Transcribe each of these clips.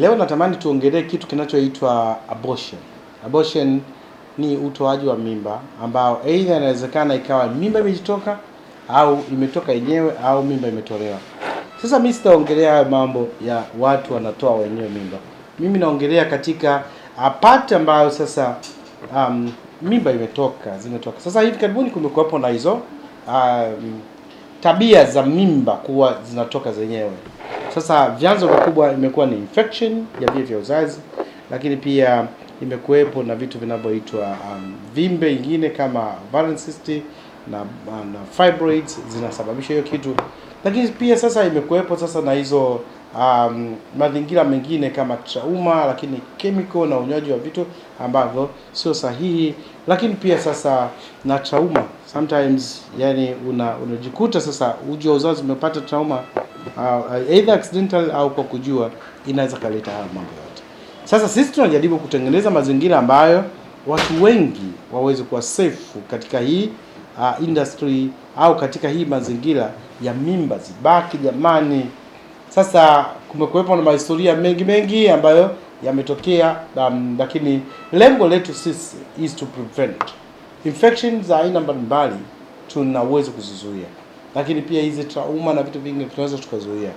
Leo natamani tuongelee kitu kinachoitwa abortion. Abortion ni utoaji wa mimba ambao aidha inawezekana ikawa mimba imejitoka au imetoka yenyewe au mimba imetolewa. Sasa mimi sitaongelea hayo mambo ya watu wanatoa wenyewe mimba. Mimi naongelea katika apate ambayo sasa um, mimba imetoka zimetoka. Sasa hivi karibuni kumekuwepo na hizo um, tabia za mimba kuwa zinatoka zenyewe. Sasa vyanzo vikubwa imekuwa ni infection ya via vya uzazi, lakini pia imekuwepo na vitu vinavyoitwa um, vimbe ingine kama ovarian cyst na, um, na fibroids zinasababisha hiyo kitu, lakini pia sasa imekuwepo sasa na hizo um, mazingira mengine kama trauma, lakini chemical na unywaji wa vitu ambavyo sio sahihi, lakini pia sasa na trauma sometimes, yani unajikuta una sasa uji wa uzazi umepata trauma uh, either accidental au kwa kujua, inaweza kaleta haya mambo yote. Sasa sisi tunajaribu kutengeneza mazingira ambayo watu wengi waweze kuwa safe katika hii uh, industry au katika hii mazingira ya mimba zibaki. Jamani, sasa kumekuwepo na mahistoria mengi mengi ambayo yametokea, um, lakini lengo letu sisi is to prevent infections za aina mbalimbali, tunaweza kuzizuia lakini pia hizi trauma na vitu vingi tunaweza tukazuia.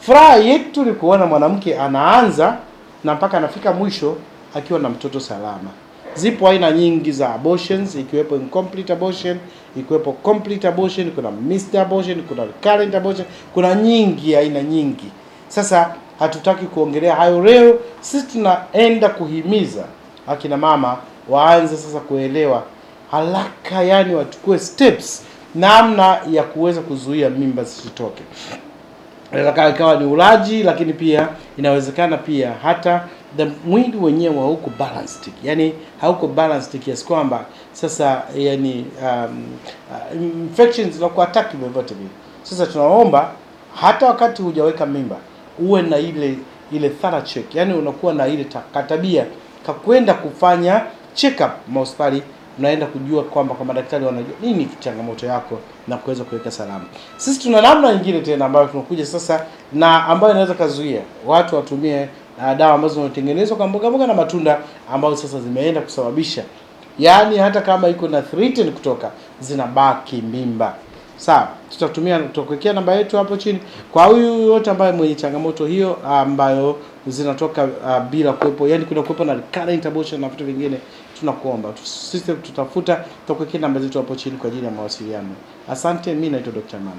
Furaha yetu ni kuona mwanamke anaanza na mpaka anafika mwisho akiwa na mtoto salama. Zipo aina nyingi za abortions, ikiwepo incomplete abortion, ikiwepo complete abortion, kuna missed abortion, kuna recurrent abortion, kuna nyingi, aina nyingi. Sasa hatutaki kuongelea hayo leo. Sisi tunaenda kuhimiza akina mama waanze sasa kuelewa haraka, yani wachukue steps namna ya kuweza kuzuia mimba zisitoke. Inaweza ikawa ni ulaji, lakini pia inawezekana pia hata the mwili wenyewe hauko balanced, yani hauko balanced kiasi kwamba sasa, yani um, uh, infections zinakuwa attack vyovyote vile. Sasa tunaomba hata wakati hujaweka mimba uwe na ile ile thorough check, yani unakuwa na ile tabia kakwenda kufanya check up mahospitali unaenda kujua kwamba kwa madaktari wanajua nini changamoto yako na kuweza kuweka salama. Sisi tuna namna nyingine tena ambayo tunakuja sasa na ambayo inaweza kazuia watu watumie uh, dawa ambazo zimetengenezwa kwa mboga mboga na matunda ambazo sasa zimeenda kusababisha yaani hata kama iko na threaten kutoka zinabaki mimba. Sawa, tutatumia tutakuwekea namba yetu hapo chini kwa huyu yote ambaye mwenye changamoto hiyo ambayo zinatoka uh, bila kuwepo, yani kuna kuwepo na recurrent abortion na vitu vingine tunakuomba sisi, tutafuta tutakuwekea namba zetu hapo chini kwa ajili ya mawasiliano. Asante, mimi naitwa Dr. Mama.